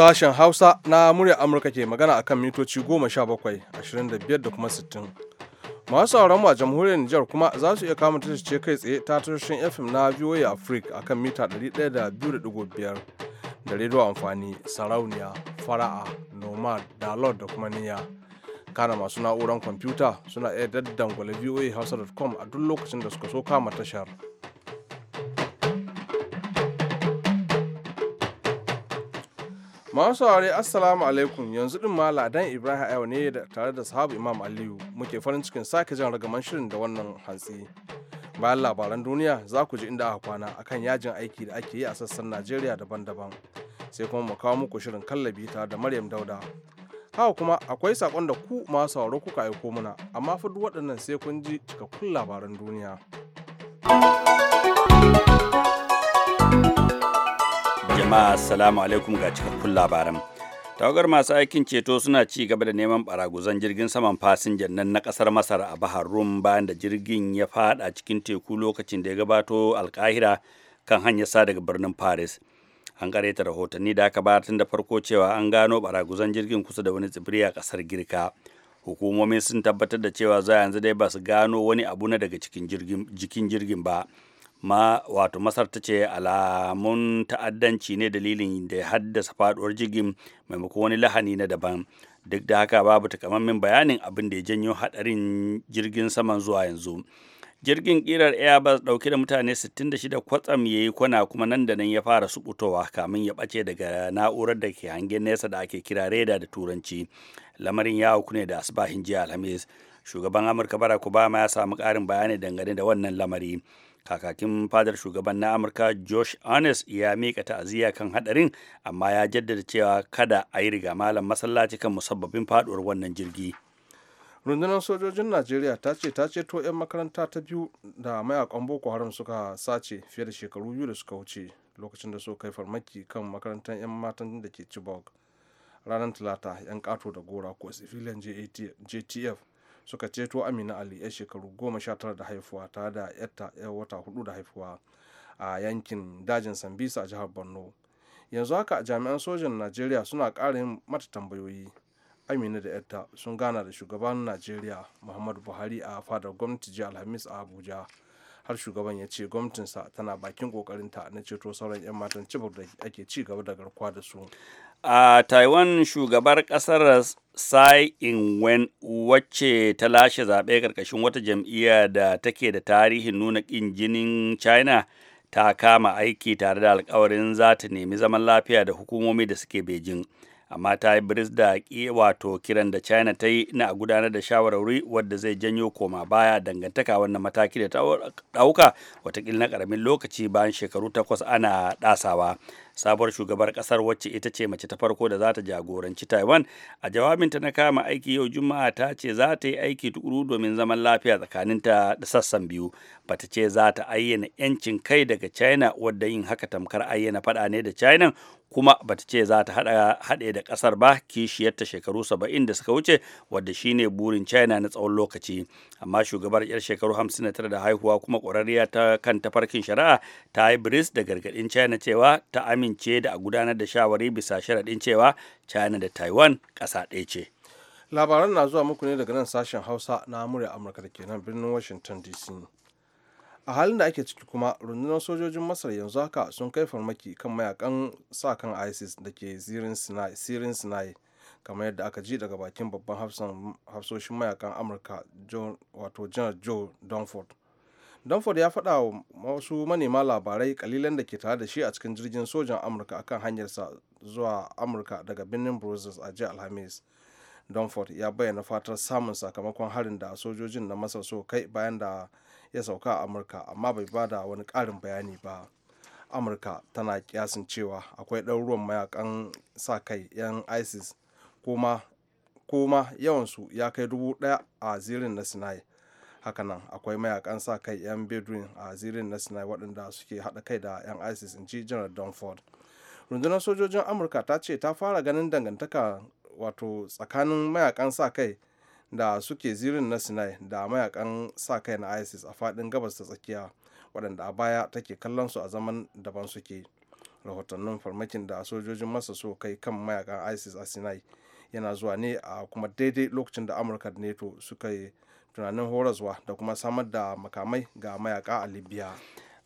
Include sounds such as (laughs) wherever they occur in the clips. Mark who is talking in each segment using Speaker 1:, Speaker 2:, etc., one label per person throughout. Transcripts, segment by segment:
Speaker 1: Sashen Hausa na murya Amurka ke magana akan mitoci 17, 25 da kuma 60. Masu sauran a jamhuriyar Nijar kuma za su iya kama ce kai tsaye ta tashoshin FM na VOA Africa akan mita 102.5 da rediyo amfani sarauniya fara'a nomad dalot da kuma niyya kana masu na'urar kwamfuta suna iya daddangwale voa hausa.com a duk lokacin da suka so kama tashar. Masu saurare Assalamu alaikum yanzu din ma Ladan Ibrahim Ayo ne tare da sahabu Imam Aliyu muke farin cikin sake jan ragaman shirin da wannan hantsi. Bayan labaran duniya za ku ji inda aka kwana akan yajin aiki da ake yi a sassan Najeriya daban-daban. Sai kuma mu kawo muku shirin kallabi tare da Maryam Dauda. Haka kuma akwai sakon da ku masu saurare kuka aiko mana amma fa duk waɗannan sai kun ji cikakkun labaran duniya. thank you
Speaker 2: jama'a assalamu alaikum ga cikakkun labaran tawagar masu aikin ceto suna ci gaba da neman baraguzan jirgin saman fasinjan nan na kasar masar a bahar rum bayan da jirgin ya fada cikin teku lokacin da ya gabato alkahira kan hanyar sa daga birnin paris an kareta rahotanni da aka bayar tun da farko cewa an gano baraguzan jirgin kusa da wani tsibiri a kasar girka hukumomi sun tabbatar da cewa za yanzu dai ba su gano wani abu na daga cikin jirgin ba ma wato masar ta ce alamun ta'addanci ne dalilin da ya haddasa faduwar jirgin maimakon wani lahani na daban duk da haka babu takamammen bayanin abin da ya janyo hadarin jirgin saman zuwa yanzu jirgin kirar airbus dauke da mutane 66 kwatsam ya yi kwana kuma nan da nan ya fara subutowa kamin ya bace daga na'urar da ke hangen nesa da ake kira reda da turanci lamarin ya hauku ne da asibahin jiya alhamis shugaban amurka barack obama ya samu karin bayani dangane da wannan lamari kakakin fadar shugaban na amurka josh arnes ya mika ta'aziyya kan hadarin amma ya jaddada cewa kada a yi riga malam masallaci kan musabbabin faduwar wannan jirgi
Speaker 1: rundunar sojojin najeriya ta ce ta ceto 'yan makaranta ta biyu da mayakan boko haram suka sace fiye da shekaru biyu da suka wuce lokacin da suka kai farmaki kan makarantar 'yan matan da ke chibok ranar talata 'yan kato da gora ko civilian jtf suka ceto amina ali ya shekaru goma sha tara da haifuwa tare da yarta yar wata hudu da haifuwa a yankin dajin sambisa a jihar borno yanzu haka jami'an sojan najeriya suna ƙara yin mata tambayoyi amina da yarta sun gana da shugaban najeriya muhammadu buhari a fadar gwamnati jiya alhamis a abuja har shugaban ya ce gwamnatinsa tana bakin ta na ceto sauran 'yan matan cibir da ake ci gaba da garkuwa da su
Speaker 2: a taiwan shugabar kasar tsai ing-wen wacce ta lashe zaɓe karkashin wata jam'iyya da take da tarihin nuna ƙin jinin china ta kama aiki tare da alkawarin za ta nemi zaman lafiya da hukumomi da suke beijing amma ta yi biris da wato kiran da china ta yi na a gudanar da shawarwari wadda zai janyo koma baya dangantaka wannan mataki da ta dauka watakila na karamin lokaci bayan shekaru takwas ana dasawa sabuwar shugabar kasar wacce ita ce mace ta farko da za ta jagoranci taiwan a jawabinta na kama aiki yau juma'a ta ce za ta yi aiki tukuru domin zaman lafiya tsakaninta da sassan biyu bata ce za ta ayyana yancin kai daga china wadda yin haka tamkar ayyana fada ne da china kuma bata ce za ta haɗe da ƙasar ba kishiyarta shekaru 70 da suka wuce wadda shine burin china na tsawon lokaci amma shugabar yar shekaru 59 da haihuwa kuma ƙwararriya ta kan tafarkin shari'a ta yi bris da gargaɗin china cewa ta amince da a gudanar da shawari bisa sharaɗin cewa china da taiwan ƙasa ɗaya ce
Speaker 1: labaran na zuwa muku ne daga nan sashen hausa na amurka da kenan birnin washington dc a halin da ake ciki kuma rundunar sojojin masar yanzu haka sun kai farmaki kan mayakan sa kan isis da ke sirin sinai kamar yadda aka ji daga bakin babban hafsoshin mayakan amurka wato janar joe dunford dunford ya faɗa wa wasu manema labarai kalilan da ke tare da shi a cikin jirgin sojan amurka akan hanyarsa zuwa amurka daga birnin brussels a jiya alhamis donford ya bayyana fatar samun sakamakon harin da sojojin na masar so kai bayan da ya sauka a amurka amma bai ba da wani ƙarin bayani ba amurka tana kiyasin cewa akwai ɗaruruwan mayakan sa kai 'yan isis kuma kuma yawansu ya kai dubu ɗaya a zirin na sinai hakanan akwai mayakan sa kai 'yan bedouin a zirin na sinai waɗanda suke haɗa kai da 'yan isis in ji general dunford rundunar sojojin amurka ta ce ta fara ganin dangantaka wato tsakanin mayakan sa kai da suke zirin na sinai da mayakan sa kai na isis a fadin gabas ta tsakiya waɗanda a baya take kallon su a zaman daban suke rahotannin farmakin da sojojin masa so kai kan mayakan isis a sinai yana zuwa ne a kuma daidai lokacin da amurka da neto suka yi tunanin horaswa da kuma samar da makamai ga mayaka a libya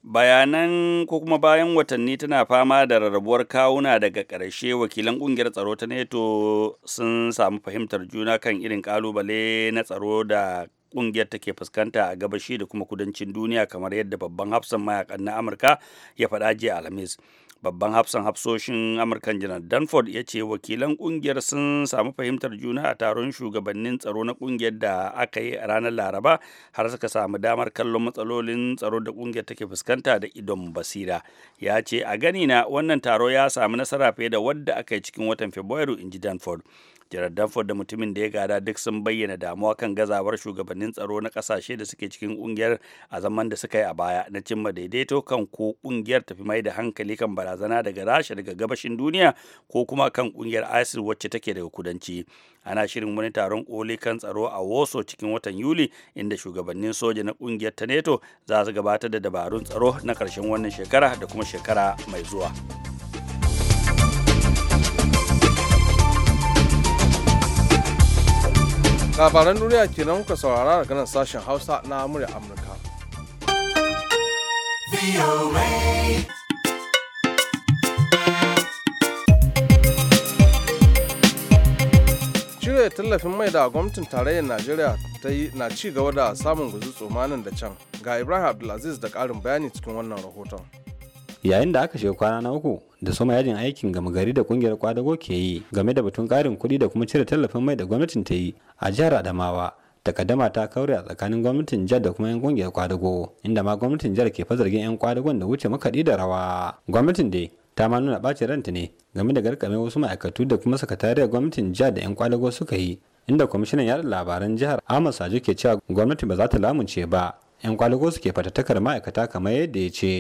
Speaker 2: bayanan ko kuma bayan watanni tana fama da rarrabuwar kawuna daga ƙarshe wakilan ƙungiyar tsaro ta neto sun samu fahimtar juna kan irin ƙalubale na tsaro da ƙungiyar take fuskanta a gabashi da kuma kudancin duniya kamar yadda babban hafsan mayakan na amurka ya faɗa jiya alhamis babban hafsan hafsoshin amurkan janar danford ya ce wakilan kungiyar sun samu fahimtar juna a taron shugabannin tsaro na kungiyar da aka yi a ranar laraba har suka samu damar kallon matsalolin tsaro da kungiyar take fuskanta da idon basira ya ce a gani na wannan taro ya samu nasara fiye da wadda aka yi cikin watan fabrairu in ji danford Jarar Danford da mutumin da ya gada duk sun bayyana damuwa kan gazawar shugabannin tsaro na kasashe da suke cikin kungiyar a zaman da suka yi a baya na cimma daidaito kan ko kungiyar tafi mai da hankali kan barazana daga Rasha daga gabashin duniya ko kuma kan kungiyar isis wacce take daga kudanci. Ana shirin wani taron koli kan tsaro a Woso cikin watan Yuli inda shugabannin soja na kungiyar ta NATO za su gabatar da dabarun tsaro na karshen wannan shekara da kuma shekara mai zuwa.
Speaker 1: labaran duniya ke kenan kuka saurara daga nan sashen hausa na murya amurka cire tallafin mai da gwamnatin tarayyar najeriya ta yi na ci gaba da samun guzu tsomanin da can ga ibrahim abdulaziz da ƙarin bayani cikin wannan rahoton
Speaker 3: yayin da aka shiga kwana na uku da soma yajin aikin gama gari da kungiyar kwadago ke yi game da batun karin kuɗi da kuma cire tallafin mai da gwamnatin ta yi a jihar adamawa takaddama ta kaure a tsakanin gwamnatin jihar da kuma 'yan kungiyar kwadago inda ma gwamnatin jihar ke fa zargin 'yan kwadagon da wuce makaɗi da rawa gwamnatin dai ta ma nuna ɓacin ranta ne game da garkame wasu ma'aikatu da kuma sakatariyar gwamnatin jihar da 'yan kwadago suka yi inda kwamishinan yaɗa labaran jihar ahmad ke cewa gwamnati ba za ta lamunce ba 'yan kwalago suke fatattakar ma'aikata kamar yadda ya ce.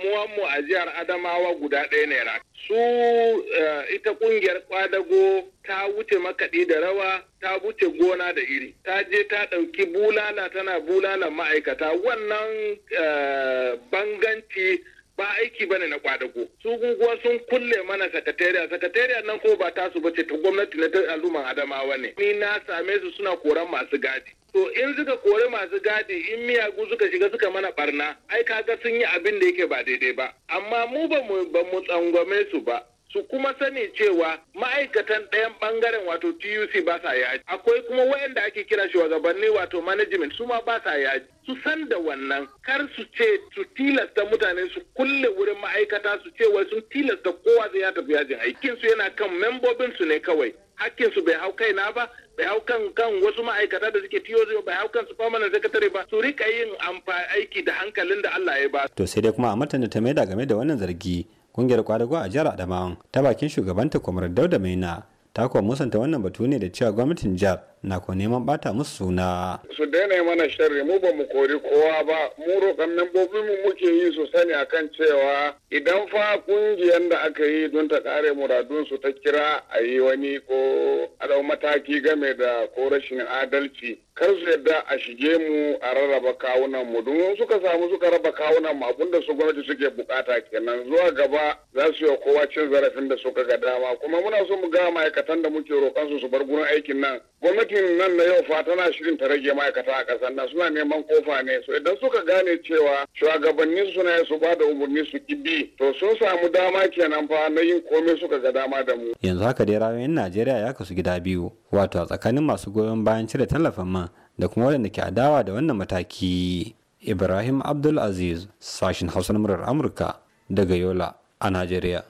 Speaker 4: Mu mu a jihar Adamawa guda ɗaya naira. Su eh, ita ƙungiyar kwadago ta wuce makaɗi da rawa ta wuce gona da iri. Ta je ta ɗauki bulala tana bulala ma'aikata wannan eh, banganci ba aiki bane na kwadago su guguwa sun kulle mana sakatariya sakatariya nan ko ba tasu ce ta gwamnati na ta al'umman adamawa ne ni na same su suna koran masu gadi to in suka kori masu gadi in miyagu suka shiga suka mana barna ai kaga sun yi abin da yake ba daidai ba amma mu ba mu tsangwame su ba su kuma sani cewa ma'aikatan ɗayan ɓangaren wato tuc ba sa yaji akwai kuma wayanda ake kira shugabanni wato management su ma ba sa yaji su san da wannan kar su ce su tilasta mutane su kulle wurin ma'aikata su ce wai sun tilasta kowa zai ya tafi yajin aikin su yana kan membobin su ne kawai hakkin su bai hau kaina ba bai hau kan kan wasu ma'aikata da suke tiyo zai bai hau kan su permanent secretary ba su rika yin amfani aiki da hankalin da Allah ya ba
Speaker 3: to sai dai kuma a matan da ta maida game da wannan zargi kungiyar kwadago a jihar adamawa ta bakin shugabanta kwamar dauda maina ta kuwa musanta wannan batu ne da cewa gwamnatin jihar na ko neman bata musu suna.
Speaker 4: Su daina mana sharri mu ba mu kori kowa ba mu roƙon membobin mu muke yi su sani kan cewa idan fa kungiyar da aka yi don ta kare muradun su ta kira a yi wani ko adau mataki game da ko rashin adalci kar su yadda a shige mu a rarraba kawunan mu don suka samu suka raba kawunan mu abinda su gwamnati suke bukata kenan zuwa gaba za su yi kowa cin zarafin da suka ga dama kuma muna so mu ga ma'aikatan da muke roƙon su su bar gurin aikin nan gwamnati gwamnatin nan na yau fa tana shirin ta rage ma'aikata a ƙasar na, suna neman kofa ne so idan suka gane cewa shugabannin suna su ba da umarni su kibi to sun samu dama kenan fa na yin komai suka ga dama da mu.
Speaker 3: Yanzu haka dai rayoyin Najeriya ya kasu gida biyu wato a tsakanin masu goyon bayan cire tallafin man da kuma waɗanda ke adawa da wannan mataki. Ibrahim Abdul Aziz sashin Hausa murar Amurka daga Yola a Najeriya.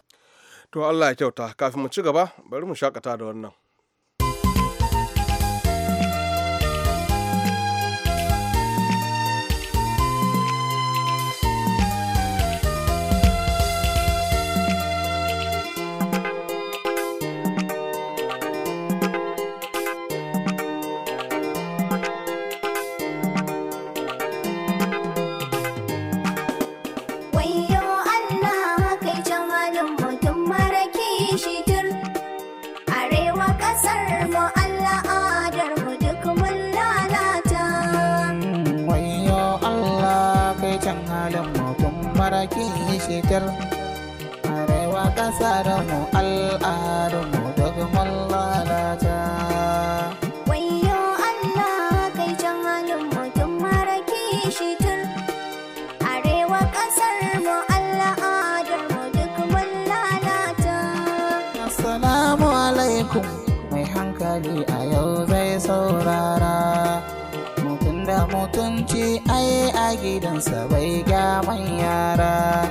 Speaker 1: To Allah ya kyauta kafin mu ci gaba bari mu shakata da wannan.
Speaker 5: cikin arewa ƙasa da mu al'adunmu dogman lalata
Speaker 6: wayo Allah kai can halin mutum mara kishi tur arewa ƙasar mu al'adunmu dogman lalata assalamu alaikum
Speaker 5: mai hankali a yau zai saurara mutum da mutunci ai a gidansa bai ga yara.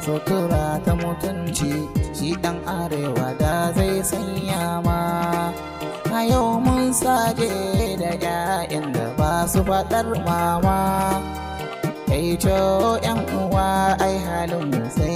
Speaker 5: sutura ta mutunci shi ɗan arewa da zai sanya ma a yau mun saje da 'ya'yan da ba su faɗar mama kai co 'yan uwa ai halin sai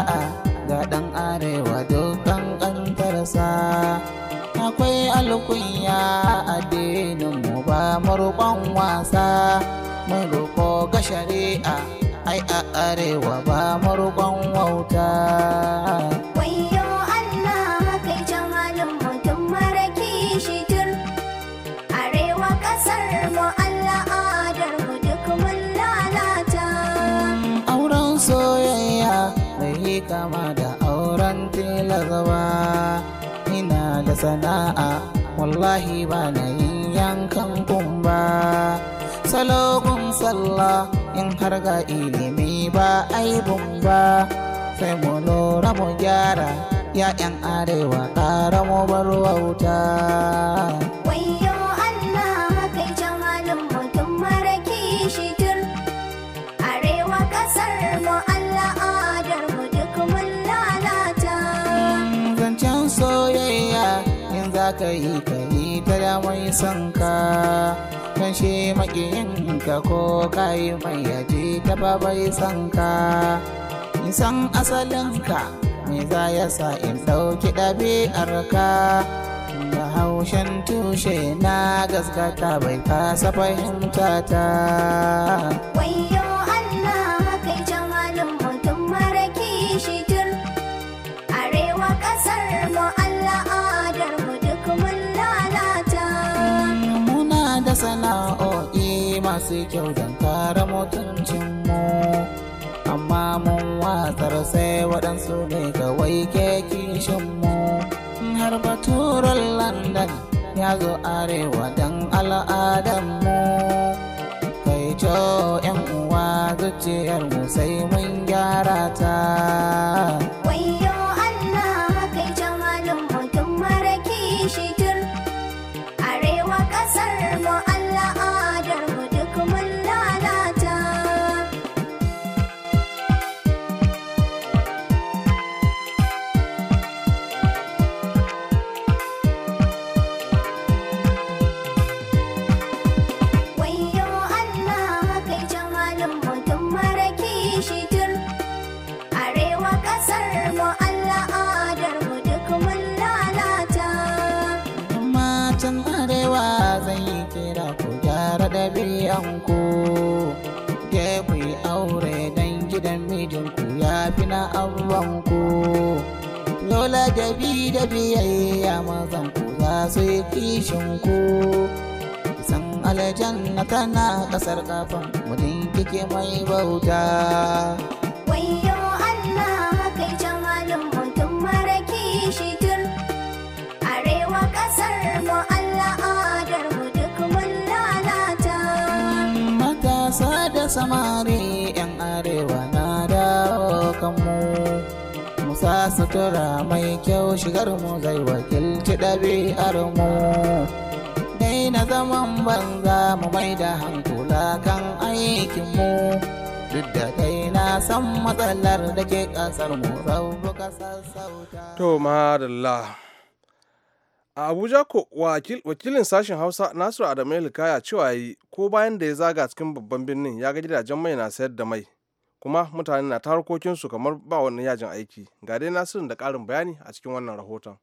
Speaker 5: sa'a ga ɗan arewa dokan ƙantarsa akwai alkunya a mu ba wasa mun roko ga shari'a ai a arewa ba marukon wauta ni kama da auren tilazawa ina da sana'a wallahi ba na yin yankan kumba salogun salla, in har ga ilimi ba aibun ba sai mu lura mu gyara ya'yan arewa ƙara mu bar wauta. ka yi ka yi ta da mai son ka kashe makiyinka ko ka yi mai yaji ta ba mai son ka san asalinka me za ya sa in ɗauki ɗabi'arka da haushen tushe na gaskata bai kasa fahimta ta. masu kyau don kare mutuncinmu amma mun watsar sai waɗansu ne kawai ke kishinmu har baturan london ya zo arewa don al'adarmu. kai co 'yan uwa zuciyarmu sai mun gyara ta yanku ke ku yi aure dan gidan mijinku ya fi na ku lola da bi da biyayya mazan ku za su yi kishin ku san aljanna tana kasar kafan mutum kike mai bauta samari yan arewa na dawo kanmu musa sutura mai kyau shigar mu zai wakilci ɗabi'ar mu dai na zaman banza mu mai da hankula kan aikinmu duk da dai na san matsalar da ke ƙasar mu rabu ƙasar sauta to
Speaker 1: madalla
Speaker 5: a abuja ko wakilin
Speaker 1: sashen hausa nasiru adamu likaya cewa yi ko bayan da ya zaga cikin babban birnin ya ga gidajen mai na sayar da mai kuma mutane na ta harkokinsu kamar ba wani yajin aiki ga dai nasirin da karin bayani a cikin wannan rahoton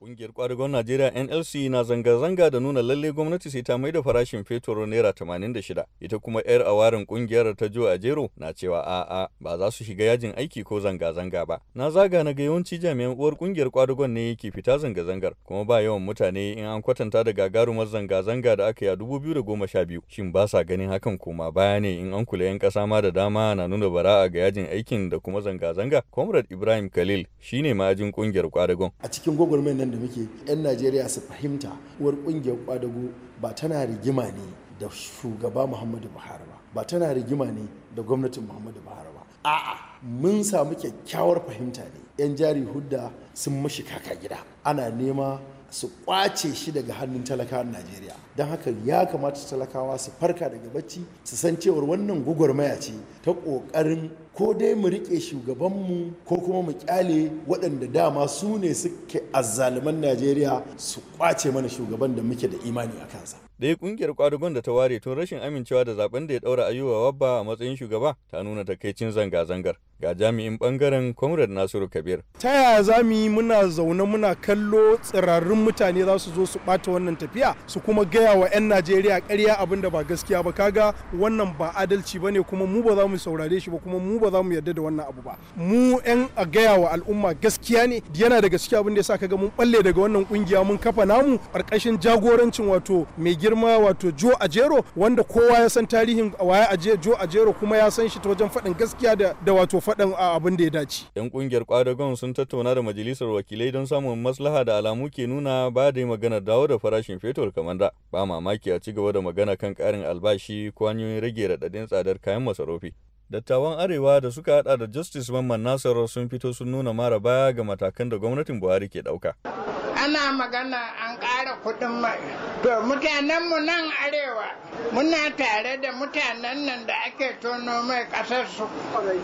Speaker 7: Ƙungiyar ƙwadagon Najeriya NLC na zanga-zanga da nuna lalle gwamnati sai ta mai da farashin fetur naira 86. Ita kuma 'yar awarin ƙungiyar ta Jo a jero na cewa a'a ba za su shiga yajin aiki ko zanga-zanga ba. Na zaga na ga yawanci jami'an uwar ƙungiyar ƙwadagon ne ke fita zanga-zangar kuma ba yawan mutane in an kwatanta da gagarumar zanga-zanga da aka yi a biyu, Shin ba sa ganin hakan koma baya ne in an kula 'yan ƙasa ma da dama na nuna bara'a ga yajin aikin da kuma zanga-zanga? Comrade Ibrahim Khalil shine ma'ajin ƙungiyar ƙwadagon.
Speaker 4: A kiran da muke 'yan najeriya su fahimta uwar kungiyar kwadago ba tana rigima ne da shugaba muhammadu buhari ba ba tana rigima ne da gwamnatin muhammadu buhari ba a'a mun samu kyakkyawar fahimta ne 'yan jari hudda sun mashi kaka gida ana nema su kwace shi daga hannun talakawan najeriya don haka ya kamata talakawa su farka daga bacci su san cewar wannan gugwarmaya ce ta ƙoƙarin ko dai mu riƙe shugabanmu ko kuma mu ƙyale waɗanda dama su ne suke azzaluman najeriya su kwace mana shugaban da muke da imani a kansa
Speaker 7: ɗaya ƙungiyar kwadugun da ta ware tun rashin amincewa da zaben da ya ɗaura ayuwa wabba a matsayin shugaba ta nuna takaicin zanga-zangar ga jami'in bangaren comrade nasiru kabir
Speaker 4: ta yaya za mu yi muna zaune muna kallo tsirarrun mutane za su zo su ɓata wannan tafiya su kuma gaya wa 'yan najeriya ƙarya abin da ba gaskiya ba kaga wannan ba adalci ba ne kuma mu ba za mu saurare shi ba kuma mu ba ba za mu yarda da wannan abu ba mu yan a gaya wa al'umma gaskiya ne yana da gaske abin da yasa kaga mun balle daga wannan kungiya mun kafa namu karkashin jagorancin wato mai girma wato Jo Ajero wanda kowa ya san tarihin waye aje Jo Ajero kuma ya san shi ta wajen faɗin gaskiya da da wato faɗin
Speaker 7: abin da ya dace yan kungiyar kwadagon sun tattauna da majalisar wakilai don samun maslaha da alamu ke nuna ba da magana dawo da farashin fetur kamar da ba mamaki a ci gaba da magana kan karin albashi ko hanyoyin rage raɗaɗin tsadar kayan masarufi Dattawan Arewa da suka hada da Justice Mamman Nasarar sun fito sun nuna mara baya ga matakan da gwamnatin Buhari ke dauka.
Speaker 8: Ana magana an ƙara kuɗin mai. To mutanenmu nan Arewa muna tare da mutanen nan da ake tono mai ƙasarsu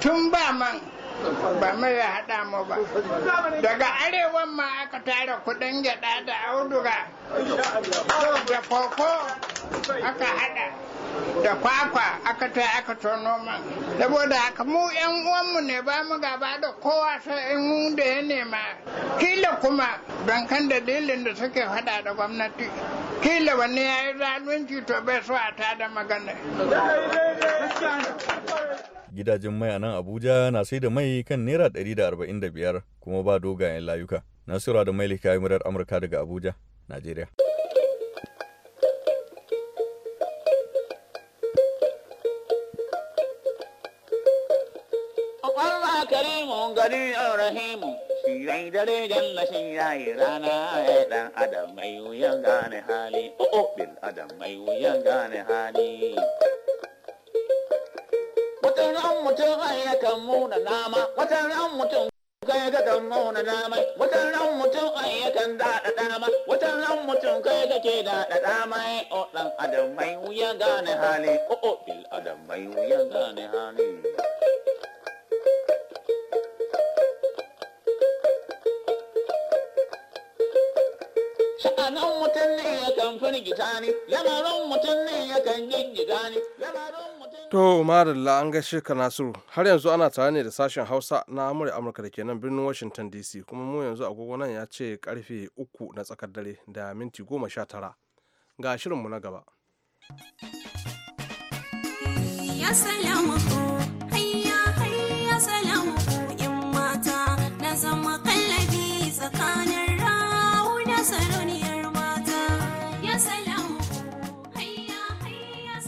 Speaker 8: tun ba man ba mai ya haɗa mu ba. Daga arewan ma aka tara kuɗin gyaɗa da auduga da koko aka haɗa. da kwakwa aka ta aka tono man saboda haka mu yan uwanmu ne ba mu gaba da kowa sai in da ya nema kila kuma don kan dalilin da suke fada da gwamnati kila wani ya yi zalunci to bai so a da magana
Speaker 7: gidajen mai a nan abuja na sai da mai kan naira biyar kuma ba dogayen layuka nasura da mai lika murar amurka daga abuja najeriya
Speaker 6: gari a rahimu
Speaker 5: shirai dare janna shirai rana ya Ɗan adam mai wuyan gane hali o'o oh, oh, bil adam mai wuyan gane hali
Speaker 6: wata ran mutum ai yakan muna nama wata ran mutum kai ga kan muna nama wata ran mutum ai yakan daɗa dama wata ran mutum kai ga ke daɗa dama
Speaker 5: o ɗan adam mai wuyan gane hali o'o oh, bil adam mai wuyan gane hali
Speaker 6: lamarin mutum ne ya
Speaker 5: yakan firgita ne lamarin mutum ne ya yin gida ne
Speaker 1: To Madalla an gaishe ka Nasiru har yanzu ana tare ne da sashen Hausa na Amurka Amurka da ke nan birnin Washington DC kuma mu yanzu agogo nan ya ce karfe uku na tsakar dare da minti goma sha tara ga shirinmu na gaba.
Speaker 8: Ya salamu hayya hayya salamu in mata na zama kallabi tsakanin rahu na saloni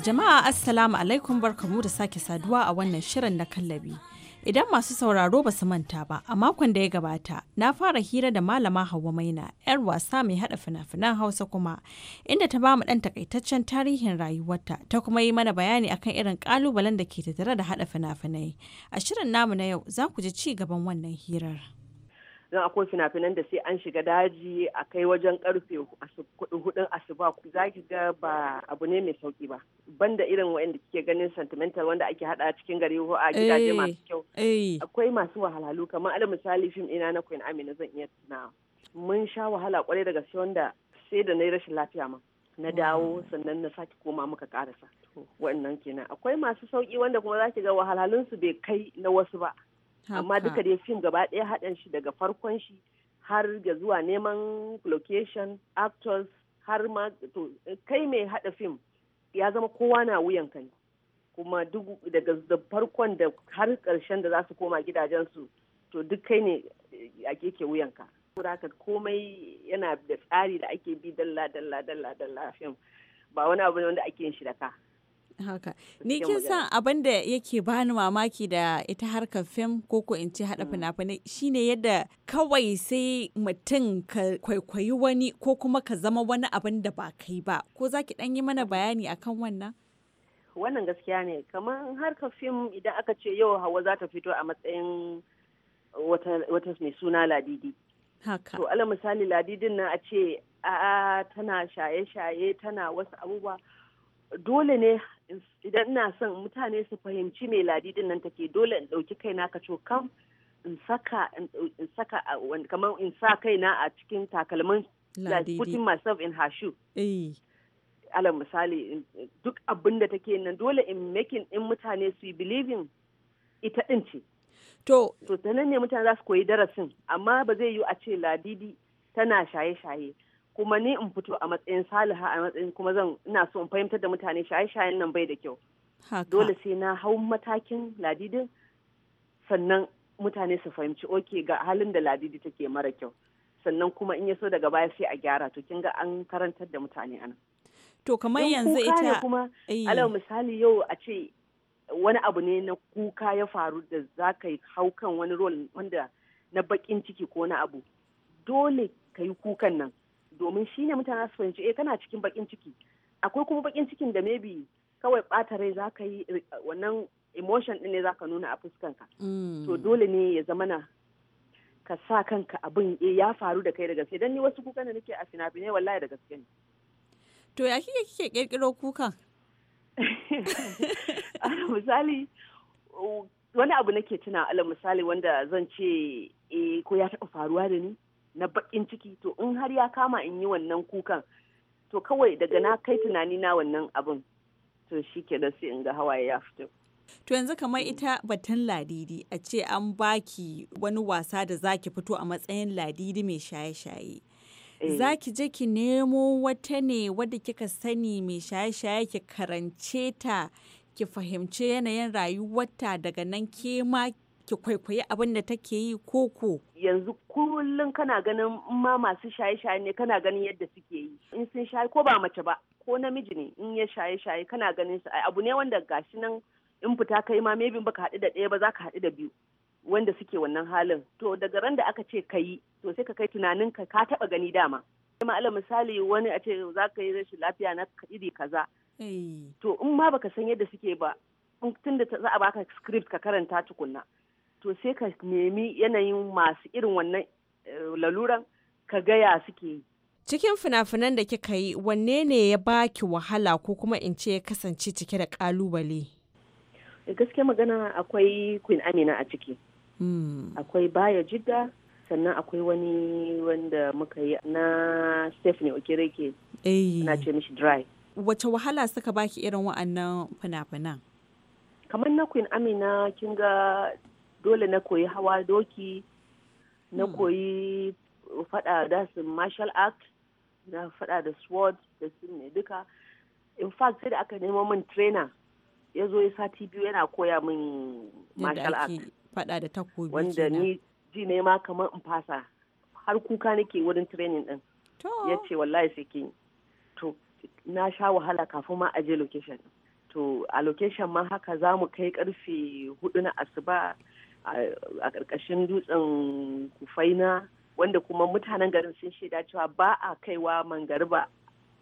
Speaker 8: Jama'a Assalamu alaikum barkamu da sake saduwa a wannan shirin na kallabi. Idan masu sauraro ba su manta ba, a makon da ya gabata, na fara hira da malama Hauwa Maina, 'yar wasa mai haɗa fina-finan Hausa kuma, inda ta bamu ɗan takaitaccen tarihin rayuwarta, ta kuma yi mana bayani akan irin ƙalubalen da ke tattare da haɗa fina-finai. A shirin namu na yau, za ku ji ci gaban wannan hirar.
Speaker 9: don akwai fina-finan da sai an shiga daji a kai wajen karfe hudun asuba za ki ga ba abu ne mai sauki ba banda irin wa'anda kike ganin sentimental wanda ake hada cikin gari ko a gidaje eh, masu kyau eh. akwai masu wahalhalu kamar ala misali fim ina na Queen Amina zan iya tuna mun sha wahala kwarai da gaske wanda sai da na yi rashin lafiya ma na dawo sannan na sake koma muka karasa wannan kenan akwai masu sauki wanda kuma za ki ga wahalhalun su bai kai na wasu ba amma duka dai fim gaba ɗaya haɗin shi daga farkon shi har ga zuwa neman location actors har ma to kai mai haɗa fim ya zama kowa na wuyan ka kuma duk daga farkon da har ƙarshen da za su koma gidajensu to duk kai ne eh, a keke ka. kuraka komai yana da tsari da ake bi dalla dalla dalla dalla fim ba wani abu ne wanda ake yin shi da ka
Speaker 8: haka ni kin san abin da yake bani mamaki da ita harkar fim ko ko in ce hada mm. fina-finai shine yadda kawai sai mutum ka kwaikwayi wani ko kuma ka zama wani abin da ba kai ba ko zaki dan yi mana mm. bayani akan wannan
Speaker 9: wannan gaskiya ne kamar harkar fim idan aka ce yau hawa za ta fito a matsayin wata mai suna ladidi haka to ala misali ladidin nan a ce a tana shaye-shaye tana wasu abubuwa dole ne idan ina son mutane su fahimci me ladidin nan take dole in ɗauki kaina ka cokam in in saka kamar in sa kaina a cikin takalmin like putting myself in her shoe eh. Alam misali duk abin da take nan dole in making in mutane su yi believing ita din ce to to ta ne mutane za su koyi darasin amma ba zai yiwu a ce ladidi tana shaye-shaye kuma ni in fito a matsayin saliha a matsayin kuma zan ina so in fahimtar da mutane shaye-shayen nan bai da kyau dole sai na hau matakin ladidin sannan mutane su fahimci oke ga halin da ladidi take mara kyau sannan kuma in ya so daga baya sai a gyara to kin ga an karantar da mutane anan to kamar yanzu ita kuma eh. alal misali yau a ce wani abu ne na kuka ya faru da za ka yi hau kan wani rol wanda na bakin ciki ko na abu dole ka yi kukan nan domin shi ne mutane su fahimci eh kana cikin bakin ciki akwai kuma bakin cikin da maybe kawai ɓata rai za yi wannan emotion din ne za ka nuna a fuskanka
Speaker 8: mm. to dole
Speaker 9: ne ya zama na ka sa kanka abin eh, ya faru da kai da gaske don ni wasu kuka ne nake a fina-finai wallahi da gaske ne
Speaker 8: to ya kike kike kirkiro kukan (laughs) misali
Speaker 9: wani abu nake tuna alal misali wanda zan ce eh, ko ya taɓa faruwa da ni na bakin ciki to in har ya kama in yi wannan kukan to kawai daga na kai tunani na wannan abin to shi da sai in ga hawaye ya fito
Speaker 8: to yanzu kamar ita batun ladidi a ce an baki wani wasa da zaki fito a matsayin ladidi mai shaye-shaye eh. zaki je ki nemo wata ne wadda kika sani mai shaye-shaye ki karance ta ki fahimce yanayin rayuwarta daga nan ke ma ki kwaikwayi abin da take yi koko Yanzu
Speaker 9: kullum kana ganin ma masu shaye-shaye ne kana ganin yadda suke yi. In sun shaye ko ba mace ba ko namiji ne in ya shaye-shaye kana ganin su abu ne wanda gashi nan in fita kai ma maybe baka haɗu da ɗaya ba za ka haɗu da biyu. wanda suke wannan halin to daga ran da aka ce ka yi to sai ka kai tunanin ka ka taba gani dama kuma alal misali wani a ce za ka yi rashin lafiya na iri kaza eh. to in ma baka san yadda suke ba tun da za a baka script ka karanta tukunna to sai ka nemi yanayin masu irin wannan eh, laluran ka gaya suke yi.
Speaker 8: Cikin fina-finan da kika yi, wanne ne ya baki wahala ko kuma in ce ya kasance cike da kalubale?
Speaker 9: Eh, Gaske magana akwai Queen Amina a ciki. Hmm. Akwai Baya Jidda, sannan akwai wani wanda muka yi na Stephanie Okereke.
Speaker 8: Eh. Na ce mishi Dry. Wace wahala suka baki irin wa'annan fina-finan? Kamar
Speaker 9: na Queen Amina kin ga dole na koyi hawa doki na hmm. koyi fada da su martial act na fada da sword da su ne duka in fact sai da aka nemo min trainer ya zo ya sati biyu yana koya min martial act
Speaker 8: fada da takobi wanda ni
Speaker 9: ji ne ma kamar in fasa har kuka nake wurin training din ya ce wallahi sai to na sha wahala kafin ma aje location to a location ma haka za mu kai karfe hudu na asuba a ƙarƙashin dutsen kufaina wanda kuma mutanen garin sun shaida cewa ba a kaiwa mangariba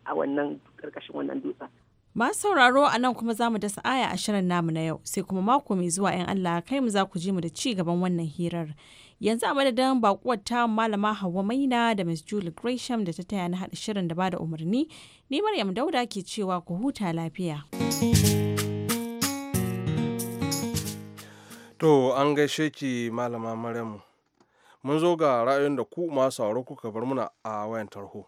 Speaker 9: a wannan ƙarƙashin wannan dutsen.
Speaker 8: Masu sauraro a nan kuma zamu mu dasa aya a shirin namu na yau sai kuma mako mai zuwa 'yan Allah kai mu za ku ji mu da ci gaban wannan hirar. Yanzu a madadin bakuwar ta malama Hauwa Maina da Miss Julie Gresham da ta taya na haɗa shirin da ba da umarni, ni Maryam Dauda ke cewa ku huta lafiya.
Speaker 1: To an gaishe ki malama Maryamu. Mun zo ga ra'ayin da ku masu sauro kuka bar muna a wayan tarho.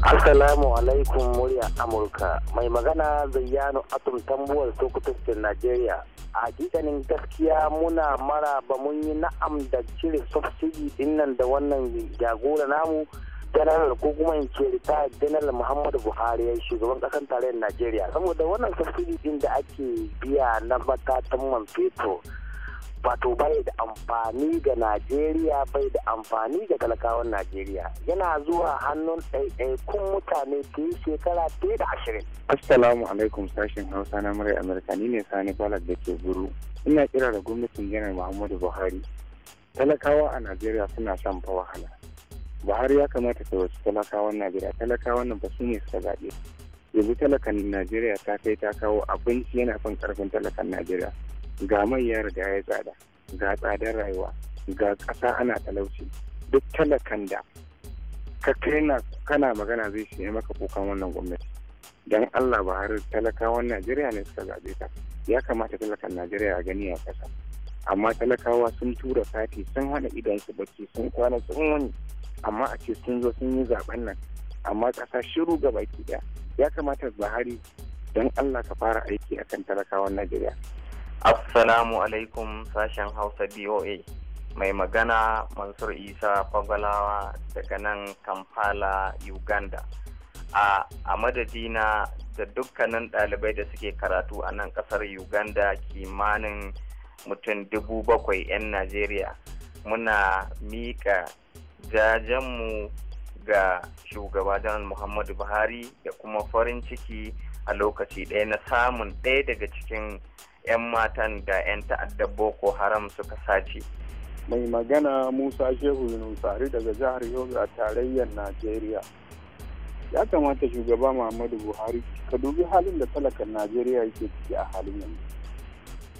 Speaker 2: Assalamu alaikum murya Amurka. Mai magana Zayyano Atum Tambuwar Sokotokin Najeriya. A hakikanin gaskiya muna mara ba mun yi na'am da cire subsidy dinnan da wannan jagora namu general ko kuma in ce retired general muhammadu buhari ya shugaban kasan tarayyar najeriya saboda wannan subsidy din da ake
Speaker 3: biya na matatan man fetur wato bai da amfani ga najeriya bai da amfani ga talakawan najeriya yana zuwa hannun ɗaiɗaikun mutane da shekara ɗaya da ashirin assalamu alaikum sashen hausa na murai amurka ni ne sani balak da ke buru ina kira da gwamnatin janar muhammadu buhari talakawa a najeriya suna shan fa wahala Buhari ya kamata ka wasu talakawan Najeriya talakawan nan ba su ne suka zaɓe yanzu talakan Najeriya ta kai ta kawo abinci yana kan karfin talakan Najeriya ga mai ya riga ya tsada ga tsadar rayuwa ga ƙasa ana talauci duk talakan da ka kai kana magana zai shi maka kukan wannan gwamnati don Allah ba har talakawan Najeriya ne suka zaɓe ta ya kamata talakan Najeriya a gani a ƙasa amma talakawa sun tura kati sun hana idan su bacci sun kwana sun wani amma a ce sun zo sun yi zaben nan amma ƙasa shiru ga baki ɗaya ya kamata buhari don allah ka fara aiki a kan talakawan najeriya assalamu alaikum sashen hausa boa mai magana mansur isa fagalawa daga nan kampala uganda a, a madadina da dukkanin ɗalibai da suke karatu a nan ƙasar uganda kimanin mutum dubu bakwai 'yan najeriya
Speaker 2: muna miƙa jajenmu ga shugaba janar muhammadu buhari da kuma farin ciki a lokaci ɗaya na samun ɗaya daga
Speaker 3: cikin 'yan matan da 'yan ta'addar boko haram suka sace
Speaker 8: mai
Speaker 4: magana musa shehu yunusari daga jihar yobe a tarayyar najeriya ya kamata shugaba muhammadu buhari ka dubi halin da talakan najeriya yake ciki a
Speaker 3: halin yanzu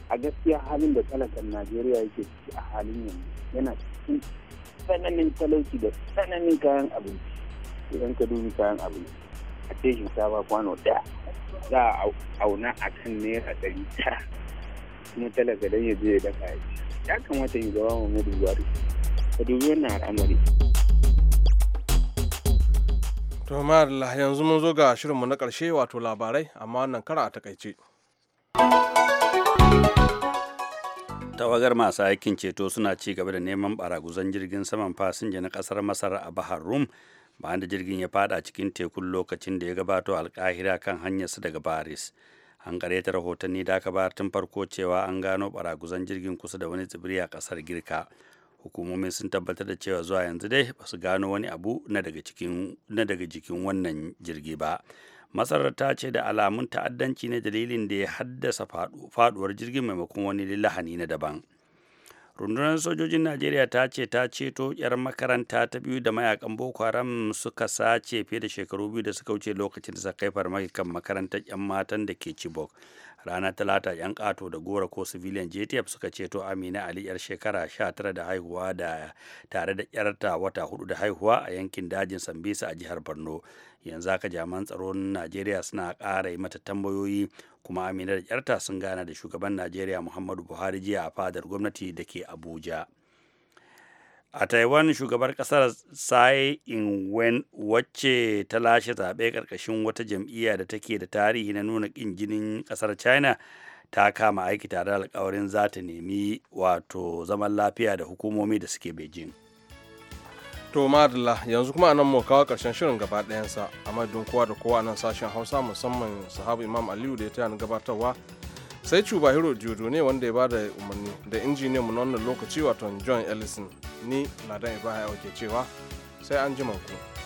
Speaker 3: a gaskiya halin da talakan najeriya yake ciki a halin yanzu yana cikin tsananin talauci da tsananin kayan abinci idan ka dubi kayan abinci a ce kwano daya za a auna a kan naira ɗari tara kuma talaka don ya je ya ya kamata yi gaba mu buhari ka dubi wannan al'amari.
Speaker 1: To yanzu mun zo ga shirinmu na karshe wato labarai amma wannan kara a takaice.
Speaker 2: tawagar masu aikin ceto suna ci gaba da neman baraguzan jirgin saman fasinja na kasar masar a bahar rum bayan da jirgin ya fada cikin tekun lokacin da ya gabato alkahira kan hanyarsa daga paris an karyata rahotanni da aka bayar tun farko cewa an gano baraguzan jirgin kusa da wani tsibiri a kasar girka hukumomi sun tabbatar da cewa zuwa yanzu dai ba su gano wani abu na daga jikin wannan jirgi ba masarar ta ce da alamun ta'addanci na dalilin da ya haddasa faduwar jirgin maimakon wani lahani na daban rundunar sojojin najeriya ta ce ta ceto yar makaranta ta biyu da mayakan boko haram suka sace fiye da shekaru biyu da suka wuce lokacin da suka kai farmaki kan makarantar yan matan da ke chibok ranar talata yan kato da gora ko civilian jtf suka ceto amina ali yar shekara sha tara da haihuwa da tare da yarta wata hudu da haihuwa a yankin dajin sambisa a jihar borno yanzu haka jami'an tsaron najeriya suna ƙara mata tambayoyi kuma amina da yarta sun gana da shugaban najeriya muhammadu buhari jiya a fadar gwamnati da ke abuja a taiwan shugabar kasar tsai in wen wacce ta lashe zaɓe ƙarƙashin wata jam'iyya da take da tarihi na nuna ƙin jinin kasar china ta kama aiki tare da alkawarin za ta nemi wato zaman lafiya da hukumomi da
Speaker 1: suke beijing to madalla yanzu kuma anan mu kawo karshen shirin gaba ɗayansa a madadin kowa da kowa nan sashen hausa musamman sahabu imam aliyu da ya taya gabatarwa sai cubahiro jojo ne wanda ya bada umarni da injiniyan mu na wannan lokaci wato john ellison ni ladan ibrahim ke cewa sai an ji ku.